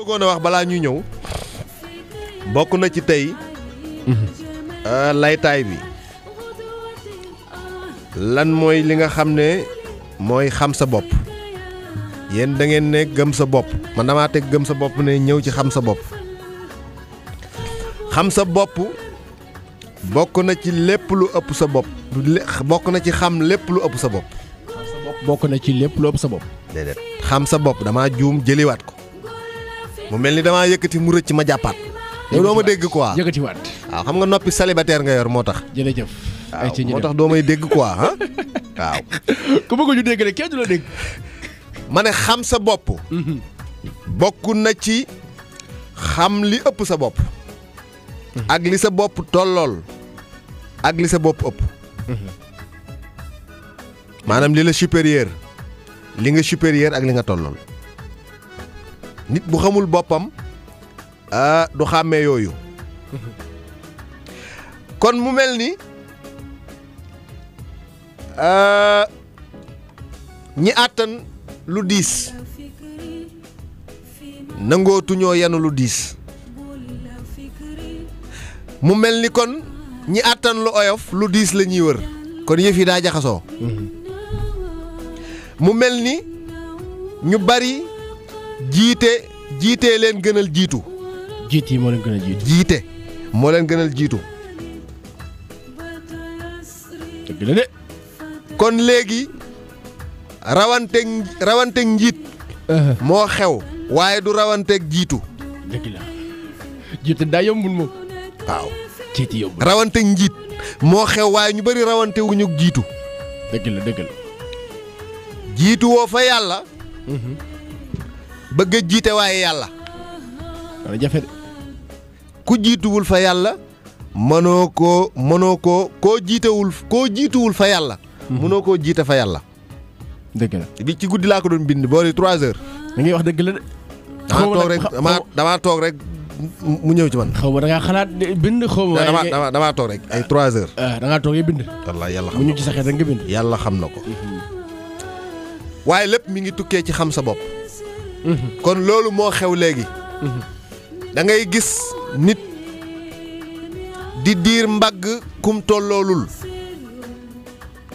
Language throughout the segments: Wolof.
bëggoon a wax balaa ñuy ñëw bokk na ci tey euh, laytaay bi lan mooy li nga xam ne mooy xam sa bopp yéen dangeen ne gëm sa bopp man damaa teg gëm sa bopp ne ñëw ci xam sa bopp xam sa bopp bokk na ci lépp lu ëpp sa bopp bokk na ci xam lépp lu ëpp sa bopp. xam sa bopp bokk na ci lépp lu sa bopp. xam sa bopp damaa juum jëliwaat ko. mu melni dama yëkëti mu rëcc ma jappat yow doo ma dégg quoi yëkëti wat waaw xam nga nopi célibataire nga yor motax tax. jëf ay ci moo motax doo may dégg quoi ha waaw. ku bëgg ñu dégg rek kenn du la dégg. mané xam sa bop mhm. bokku na ci xam li ëpp sa bop mhm. ak li sa bop tollol ak li sa bop ëpp. manam mhm. li la supérieur li nga supérieur ak li nga tollol nit bu xamul boppam ah du kon mu mel ni ah, ñi àttan lu diis nangootuñoo lu mu kon ñi atan lu oyof lu wër kon yëf yi daa jaxasoo mhm. mu ñu bari jiite jiite leen gënal jiitu. jiit yi moo leen jiite moo leen gënal jiitu. kon léegi rawante rawanteeg njiit. moo xew. waaye du rawanteeg jiitu. jiitu daa yombul moom. waaw. jiit yombul rawanteeg njiit. moo xew waaye ñu bari rawantewuñu wu jiitu. dëgg fa yàlla. bëgg a jiite waaye yàlla. jafe ku jiituwul fa yàlla mënoo koo mënoo koo koo jiitewul koo jiituwul fa yàlla. Mhm. mënoo koo jiite fa yàlla. dëgg la bi ci guddi laa ko doon bind boori trois heures. da ngay wax dëgg la de. damaa toog rek damaa toog rek mu ñëw ci man. xaw ma da ngaa xalaat bind xaw ma. damaa damaa toog rek ay trois heures. Ah, da ngaa toog bind. wallaahi yàlla xam ñu ci sa xel rek bind. yàlla xam na ko. Mhm. waaye lépp mi ngi tukkee ci xam sa bopp. kon loolu moo xew léegi da ngay gis nit di diir kum tolloolul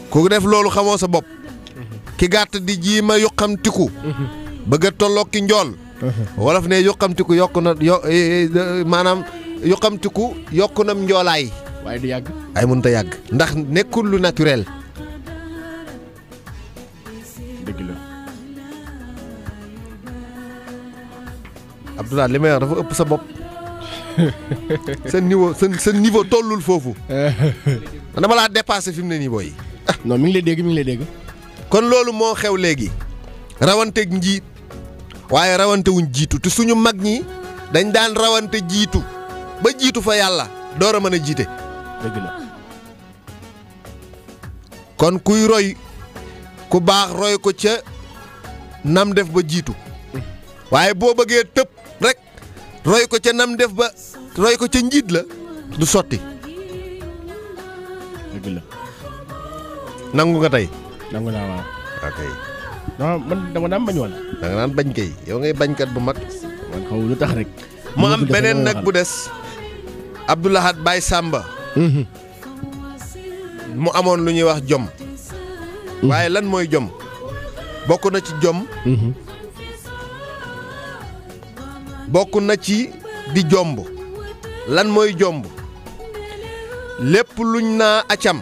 ku def loolu xamoo sa bopp ki gàtt di jiima yuqamtiku bëgg a tolloo ki njool wolof ne yuqamtiku yokk na yo eh, eh, maanaam yuqamtiku yokk na njoolaay waaye du yàgg ay mënut a yàgg ndax nekkul lu naturel Abdoulaye li may wax dafa ëpp sa bopp seen niveau seen seen niveau tollul foofu dama laa dépassé fi mu ne nii booy. Ah. non mi ngi lay dégg mi ngi kon loolu moo xew léegi rawanteeg njiit waaye rawantewuñ jiitu te suñu mag ñi dañ daan rawante jiitu ba jiitu fa yàlla door a mën a jiite. kon kuy roy ku baax roy ko ca nam def ba jiitu mm. waaye boo bëggee tëb roy ko ca nam def ba roy ko ca njiit la du soti dëgg nangu nga tay nangu na wa ok. non man dama daan bañ wala. da nga nan bañ kay yow ngay kat bu mag. man xaw lu tax rek. mo am benen nak bu dess abdullah bay Samba. Mhm. mu amoon lu ñuy wax jom. Mhm. waye lan moy jom. bokku na ci jom. Mhm. bokk na ci di jomb lan mooy jomb lépp luñ naa acam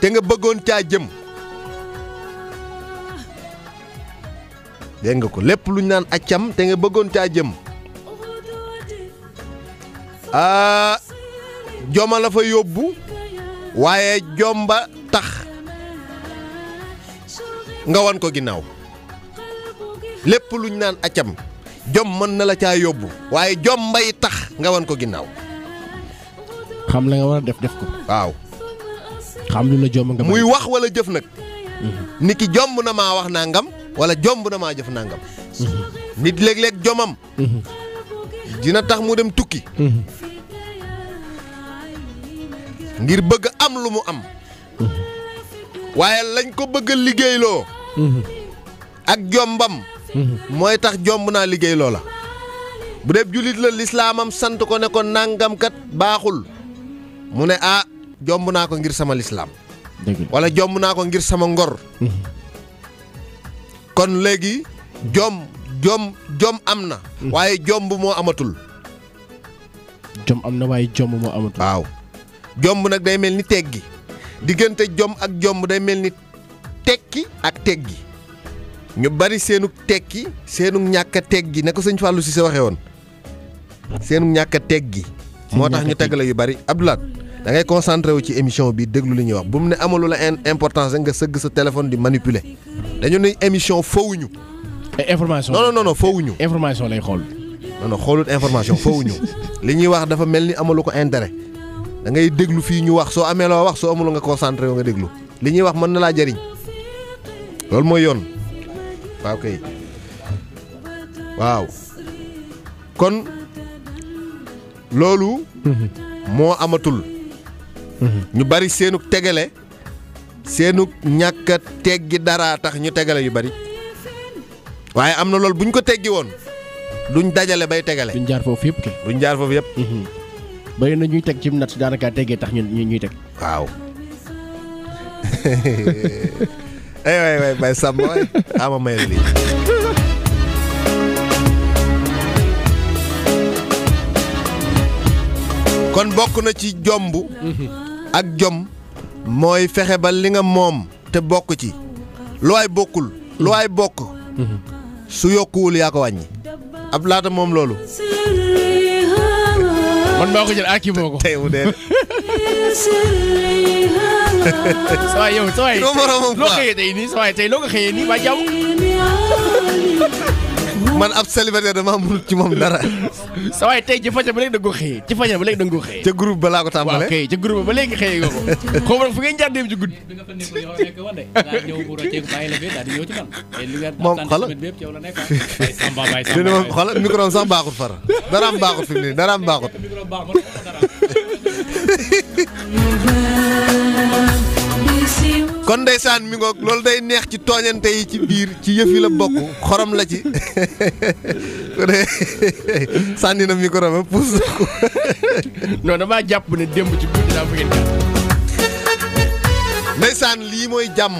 te nga bëggoon caa jëm dégg nga ko lépp luñ naan acam te bëggoon caa jëm ah joma fa yóbbu waaye jomba tax nga wan ko ginnaaw lépp lu ñu naan accam jom mën na la caa yóbbu waaye jom tax nga wan ko ginnaaw. xam la nga war a def def ko. waaw. xam lu la jom nga. muy wax wala jëf nag. Mhm. nit ki jomb na maa wax nangam wala jomb na maa jëf nangam. Mhm. nit léeg mhm. dina tax mu dem tukki. ngir bëgg am lu mu am. waaye lañ ko bëgg a liggéeyloo. ak jombam moy tax jomb na liggey lola bu deb julit la lislaamam sant ko ne ko nangam kat baxul mune a ah jomb naa ko ngir sama l'islam wala jomb na ko ngir sama ngor mm-hmm. kon legi jom jom jom amna mm-hmm. waye jomb moo amatul jom amna waye jomb moo amatul waw jomb nak day melni ni teggi digeunte jom ak jomb day melni ni tekki ak teggi ñu bari seenu tekki seenu ñàkk teg teggi na ko sëñ Fallou si waxee woon seenu ñàkk teg gi moo tax ñu teg la yu bari Abdoulaye da ngay concentré wu ci émission bi déglu li ñuy wax bu mu ne amalu la importance nga sëgg sa téléphone di manipuler dañu ne émission fowuñu eh, information non non non fowuñu information lay xool. non non xoolut information fowuñu li ñuy wax dafa mel ni amalu ko intérêt da ngay déglu fii ñu wax soo amee loo wax soo amul nga concentré wu nga déglu li ñuy wax mën na laa jariñ loolu mooy yoon. waaw kay kon loolu. moo amatul. ñu bari seenug tegale seenug ñàkk teggi dara tax ñu tegale yu bari waaye am na lool bu ñu ko teggi woon duñ dajale bay tegale. duñ jaar foofu yëpp kay. duñ jaar foofu yëpp. Mhm. bari na ñuy teg ci natt daanaka teggee tax ñu ñuy teg. waaw. Eh oui, oui, ben ça me I'm kon bokk na ci jomb ak jom mooy fexe ba li nga moom te bokk ci lu waay bokkul lu waay bokk su yokkuwul yaa ko wàññi ab laata moom loolu man maa ko jël ak yi tey mu dee Só eu, só eu. Loxoy da ini, soo ay tey loo ko xëyee nii waa jaww. man ab célibataire dama mënul ci moom dara. sa waay tey ci fajar ba léegi da nga ko xëyee ci fajar ba léegi da ko xëyee. ca groupe ba laa ko tàmbalee waaw kay ca groupe ba léegi xëyee nga ko. xaw ma fu ngeen jaar dem ci guddi. moom xoolal dina moom xoolal micro kon ndeysaan mi ngoog loolu day neex ci tooñante yi ci biir ci yëf la bokk xorom la ci sànni na micro ba pousse na ko. damaa jàpp ne démb ci guddi ndeysaan lii mooy jàmm.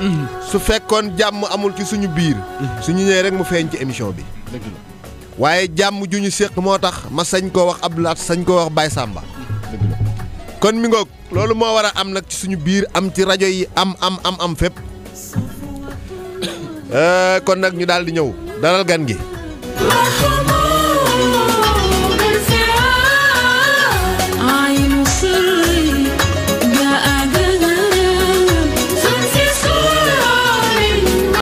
Mm-hmm. su fekkoon jàmm amul ci suñu biir. Mm-hmm. suñu ñëwee rek mu feeñ ci émission bi. waaye jàmm ju ñu séq moo tax ma sañ koo wax Abdou Lahat sañ koo wax Baye sàmba kon mi ngoog loolu moo war a am nag ci suñu biir am ci rajo yi am am am am fépp eh, kon nag ñu daal ñëw dalal gan gi